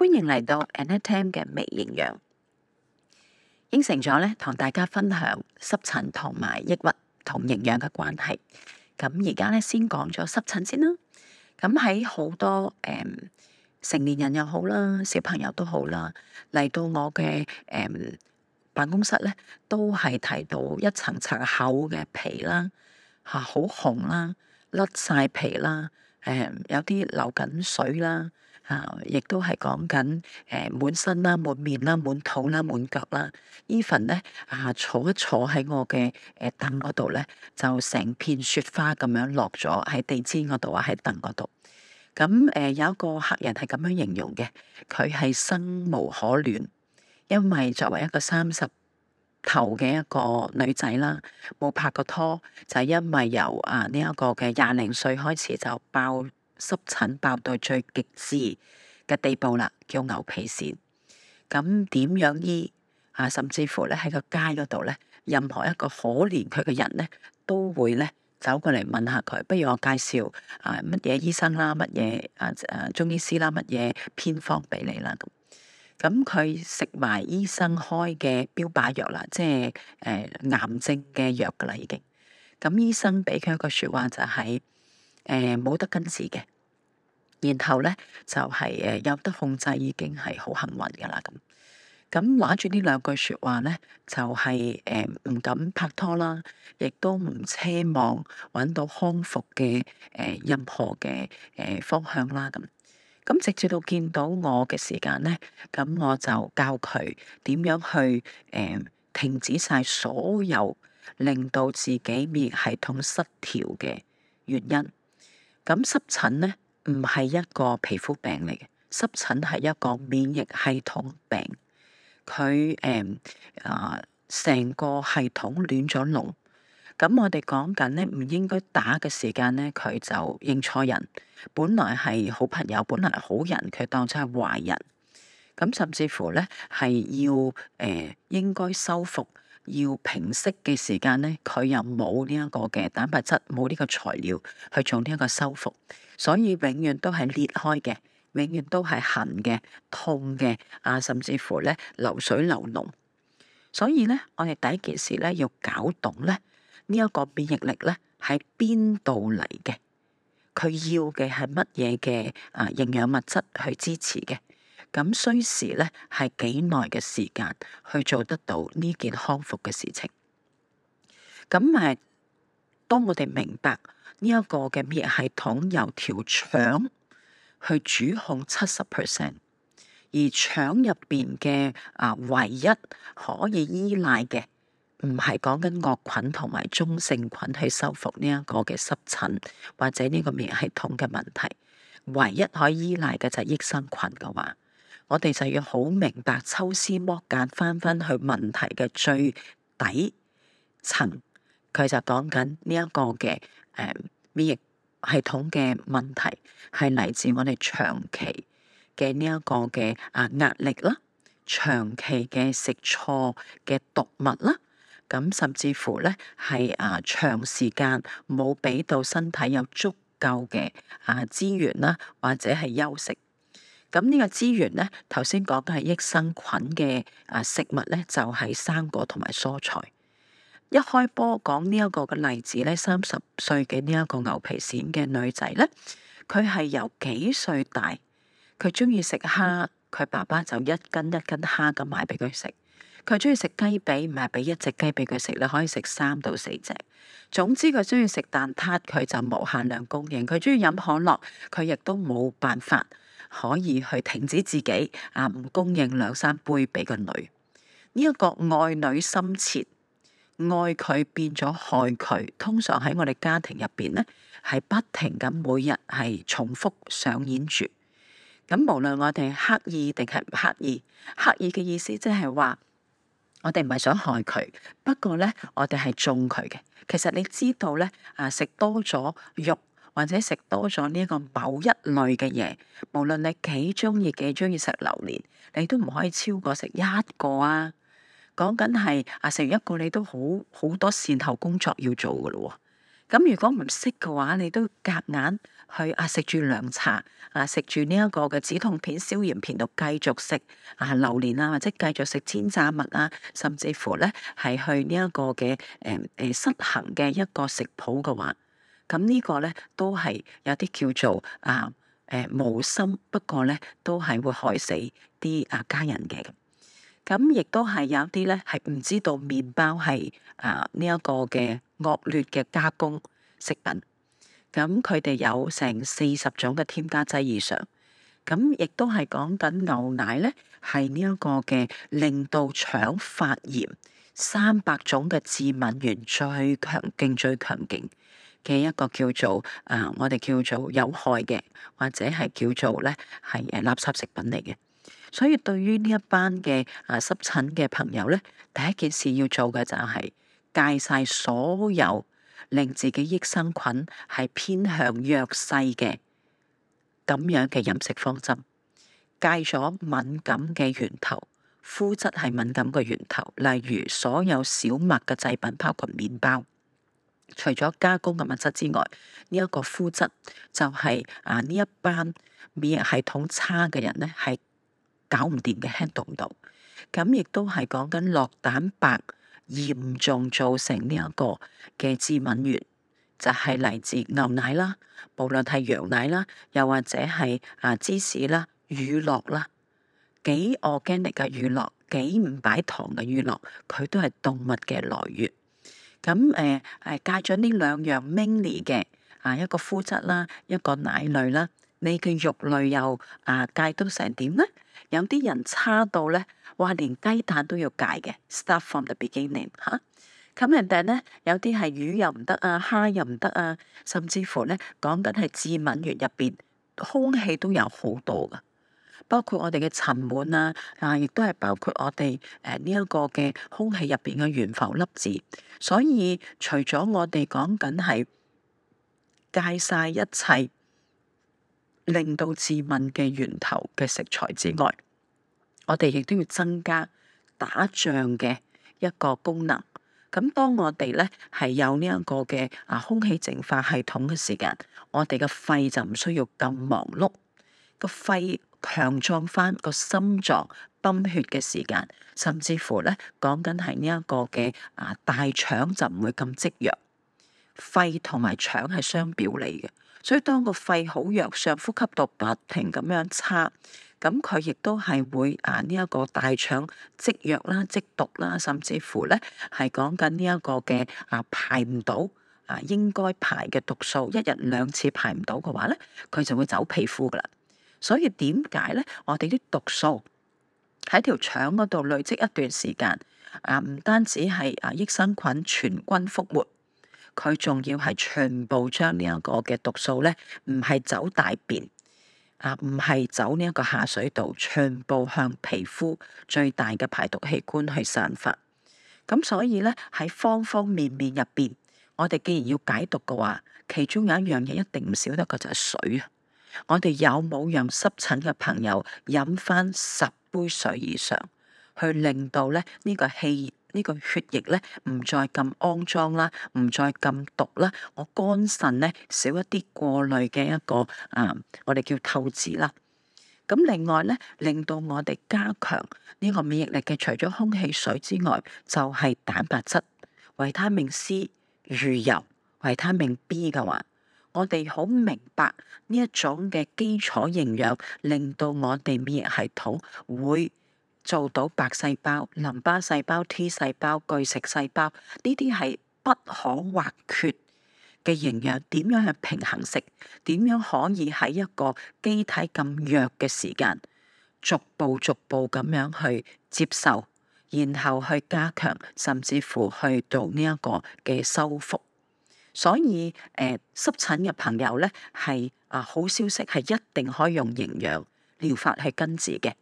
歡迎嚟到 Annette Tam 嘅微營養，應承咗咧，同大家分享濕疹同埋抑鬱同營養嘅關係。咁而家咧先講咗濕疹先啦。咁喺好多誒、嗯、成年人又好啦，小朋友都好啦，嚟到我嘅誒、嗯、辦公室咧，都係睇到一層層厚嘅皮啦，吓好紅啦，甩晒皮啦，誒、嗯、有啲流緊水啦。亦都係講緊誒滿身啦、滿面啦、滿肚啦、滿腳啦。呢份咧啊，坐一坐喺我嘅誒凳嗰度咧，就成片雪花咁樣落咗喺地氈嗰度啊，喺凳嗰度。咁誒有一個客人係咁樣形容嘅，佢係生無可戀，因為作為一個三十頭嘅一個女仔啦，冇拍過拖，就係因為由啊呢一個嘅廿零歲開始就爆。濕疹爆到最極致嘅地步啦，叫牛皮癬。咁點樣醫啊？甚至乎咧喺個街嗰度咧，任何一個可憐佢嘅人咧，都會咧走過嚟問下佢。不如我介紹啊乜嘢醫生啦，乜嘢啊誒中醫師啦，乜嘢偏方俾你啦咁。咁佢食埋醫生開嘅標靶藥啦，即係誒、呃、癌症嘅藥噶啦已經。咁醫生俾佢一個説話就係、是。誒冇、呃、得根治嘅，然後咧就係、是、誒有得控制已經係好幸運嘅啦咁。咁攞住呢兩句説話咧，就係誒唔敢拍拖啦，亦都唔奢望揾到康復嘅誒任何嘅誒、呃、方向啦咁。咁直至到見到我嘅時間咧，咁我就教佢點樣去誒、呃、停止晒所有令到自己免疫系統失調嘅原因。咁濕疹咧唔係一個皮膚病嚟嘅，濕疹係一個免疫系統病，佢誒啊成個系統亂咗龍。咁我哋講緊咧，唔應該打嘅時間咧，佢就認錯人，本來係好朋友，本來係好人，佢當真係壞人。咁甚至乎咧係要誒、呃、應該修復。要平息嘅時間咧，佢又冇呢一個嘅蛋白質，冇呢個材料去做呢一個修復，所以永遠都係裂開嘅，永遠都係痕嘅、痛嘅啊，甚至乎咧流水流膿。所以咧，我哋第一件事咧要搞懂咧呢一個免疫力咧喺邊度嚟嘅，佢要嘅係乜嘢嘅啊營養物質去支持嘅。咁需時咧係幾耐嘅時間去做得到呢件康復嘅事情？咁咪，當我哋明白呢一個嘅免疫系統由條腸去主控七十 percent，而腸入邊嘅啊唯一可以依賴嘅，唔係講緊惡菌同埋中性菌去修復呢一個嘅濕疹或者呢個免疫系統嘅問題，唯一可以依賴嘅就係益生菌嘅話。我哋就要好明白抽絲剝繭，翻返去問題嘅最底層，佢就講緊呢一個嘅誒免疫系統嘅問題，係嚟自我哋長期嘅呢一個嘅啊壓力啦，長期嘅食錯嘅毒物啦，咁甚至乎咧係啊長時間冇俾到身體有足夠嘅啊資源啦，或者係休息。咁呢個資源呢，頭先講嘅係益生菌嘅啊食物呢，就係生果同埋蔬菜。一開波講呢一個嘅例子呢，三十歲嘅呢一個牛皮癬嘅女仔呢，佢係由幾歲大，佢中意食蝦，佢爸爸就一斤一斤蝦咁買俾佢食。佢中意食雞髀，唔係俾一隻雞俾佢食，你可以食三到四隻。總之佢中意食蛋撻，佢就無限量供應。佢中意飲可樂，佢亦都冇辦法。可以去停止自己啊！唔供應兩三杯俾個女，呢、這、一個愛女心切，愛佢變咗害佢。通常喺我哋家庭入邊呢係不停咁每日係重複上演住。咁無論我哋刻意定係唔刻意，刻意嘅意思即係話，我哋唔係想害佢，不過呢，我哋係中佢嘅。其實你知道呢，啊食多咗肉，或者食多咗呢一個某一類嘅嘢，無論你幾中意幾中意食榴蓮你都唔可以超過食一個啊！講緊係啊，食完一個你都好好多善後工作要做噶咯、哦。咁、嗯、如果唔識嘅話，你都夾硬去啊食住涼茶啊食住呢一個嘅止痛片、消炎片度繼續食啊榴蓮啊，或者繼續食煎炸物啊，甚至乎咧係去呢一個嘅誒誒失衡嘅一個食譜嘅話。咁呢個咧都係有啲叫做啊，誒、呃、無心，不過咧都係會害死啲啊家人嘅。咁亦都係有啲咧係唔知道麵包係啊呢一個嘅惡劣嘅加工食品。咁佢哋有成四十種嘅添加劑以上。咁亦都係講緊牛奶咧係呢一個嘅令到腸發炎三百種嘅致敏原最強勁最強勁嘅一個叫做誒、呃，我哋叫做有害嘅，或者係叫做咧係誒垃圾食品嚟嘅。所以對於呢一班嘅啊濕疹嘅朋友咧，第一件事要做嘅就係、是、戒晒所有令自己益生菌係偏向弱勢嘅咁樣嘅飲食方針，戒咗敏感嘅源頭，膚質係敏感嘅源頭，例如所有小麥嘅製品，包括麵包。除咗加工嘅物質之外，呢、這、一個膚質就係、是、啊呢一班免疫系統差嘅人咧，係搞唔掂嘅，handle 唔到。咁亦都係講緊酪蛋白嚴重造成呢一個嘅致敏源，就係、是、嚟自牛奶啦，無論係羊奶啦，又或者係啊芝士啦、乳酪啦，幾 organic 嘅乳酪，幾唔擺糖嘅乳酪，佢都係動物嘅來源。咁誒係戒咗呢兩樣 mainly 嘅啊，一個膚質啦，一個奶類啦，你嘅肉類又啊戒到成點咧？有啲人差到咧，話連雞蛋都要戒嘅。Start from the beginning 嚇、啊，咁人哋咧有啲係魚又唔得啊，蝦又唔得啊，甚至乎咧講緊係致敏原入邊空氣都有好多噶。包括我哋嘅塵蟎啊，啊，亦都係包括我哋誒呢一個嘅空氣入邊嘅懸浮粒子。所以除咗我哋講緊係戒晒一切令到致敏嘅源頭嘅食材之外，我哋亦都要增加打仗嘅一個功能。咁當我哋咧係有呢一個嘅啊空氣淨化系統嘅時間，我哋嘅肺就唔需要咁忙碌，個肺。強壯翻個心臟，泵血嘅時間，甚至乎咧講緊係呢一個嘅啊大腸就唔會咁積弱，肺同埋腸係相表裏嘅，所以當個肺好弱，上呼吸道不停咁樣差，咁佢亦都係會啊呢一個大腸積弱啦、積毒啦，甚至乎咧係講緊呢一個嘅啊排唔到啊應該排嘅毒素，一日兩次排唔到嘅話咧，佢就會走皮膚噶啦。所以點解咧？我哋啲毒素喺條腸嗰度累積一段時間，啊唔單止係啊益生菌全軍覆沒，佢仲要係全部將呢一個嘅毒素咧，唔係走大便，啊唔係走呢一個下水道，全部向皮膚最大嘅排毒器官去散發。咁所以咧喺方方面面入邊，我哋既然要解毒嘅話，其中有一樣嘢一定唔少得嘅就係水啊！我哋有冇讓濕疹嘅朋友飲返十杯水以上，去令到咧呢個氣呢個血液咧唔再咁骯髒啦，唔再咁毒啦，我肝腎咧少一啲過濾嘅一個啊，我哋叫透支啦。咁另外咧，令到我哋加強呢個免疫力嘅，除咗空氣水之外，就係蛋白質、維他命 C、魚油、維他命 B 嘅話。我哋好明白呢一種嘅基礎營養，令到我哋免疫系統會做到白細胞、淋巴細胞、T 細胞、巨噬細胞呢啲係不可或缺嘅營養。點樣去平衡食？點樣可以喺一個機體咁弱嘅時間，逐步逐步咁樣去接受，然後去加強，甚至乎去到呢一個嘅修復。所以誒、呃、濕疹嘅朋友咧，係啊好消息係一定可以用營養療法去根治嘅，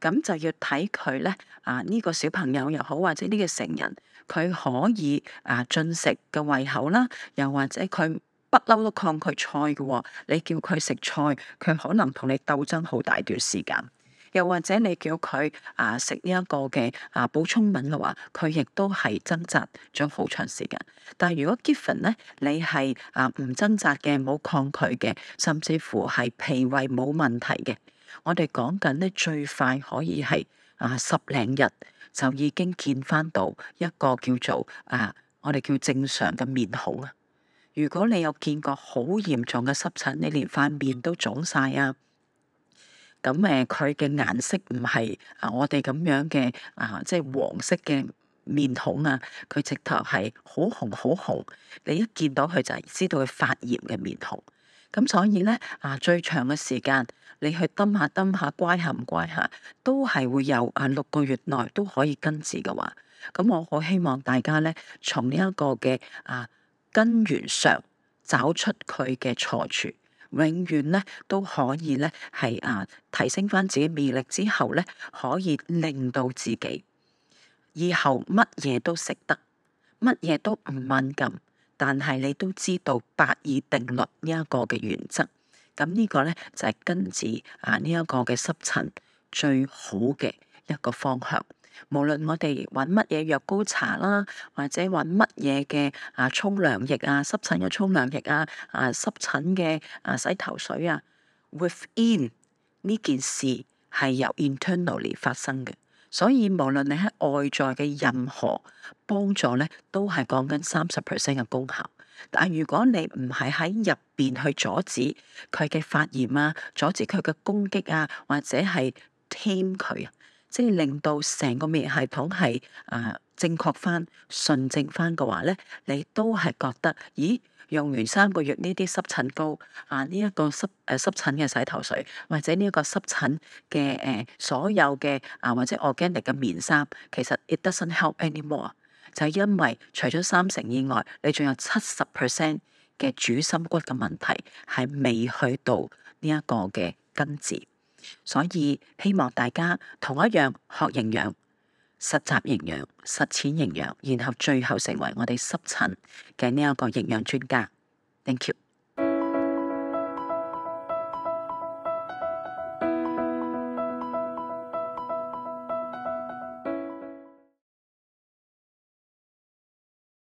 咁就要睇佢咧啊呢、這個小朋友又好或者呢個成人，佢可以啊進食嘅胃口啦，又或者佢不嬲都抗拒菜嘅喎、哦，你叫佢食菜，佢可能同你鬥爭好大段時間。又或者你叫佢啊食呢一個嘅，啊補充品嘅話，佢亦都係掙扎咗好長時間。但係如果 given 咧，你係啊唔掙扎嘅，冇抗拒嘅，甚至乎係脾胃冇問題嘅，我哋講緊咧最快可以係啊十零日就已經見翻到一個叫做啊我哋叫正常嘅面孔。啊。如果你有見過好嚴重嘅濕疹，你連塊面都腫晒啊！咁誒，佢嘅顏色唔係啊，我哋咁樣嘅啊，即係黃色嘅面孔啊，佢直頭係好紅好紅，你一見到佢就係知道佢發炎嘅面孔。咁所以咧啊，最長嘅時間你去揼下揼下，乖下唔乖下，都係會有啊，六個月內都可以根治嘅話，咁我好希望大家咧，從呢一個嘅啊根源上找出佢嘅錯處。永遠咧都可以咧係啊提升翻自己魅力之後咧，可以令到自己以後乜嘢都食得，乜嘢都唔敏感。但係你都知道八二定律呢一個嘅原則，咁呢個咧就係根治啊呢一個嘅濕疹最好嘅一個方向。無論我哋揾乜嘢藥膏搽啦，或者揾乜嘢嘅啊沖涼液，濕液啊，濕疹嘅沖涼液啊，啊濕疹嘅啊洗頭水啊，within 呢件事係由 internally 發生嘅，所以無論你喺外在嘅任何幫助咧，都係講緊三十 percent 嘅功效。但如果你唔係喺入邊去阻止佢嘅發炎啊，阻止佢嘅攻擊啊，或者係 tame 佢啊。即係令到成個免疫系統係啊正確翻、純正翻嘅話咧，你都係覺得，咦？用完三個月呢啲濕疹膏啊，呢、這、一個濕誒、啊、濕疹嘅洗頭水，或者呢一個濕疹嘅誒、呃、所有嘅啊，或者 Organic 嘅棉衫，其實 it doesn't help anymore，就係因為除咗三成以外，你仲有七十 percent 嘅主心骨嘅問題係未去到呢一個嘅根治。所以希望大家同一樣學營養，實習營養，實踐營養，然後最後成為我哋濕疹嘅呢一個營養專家。Thank you。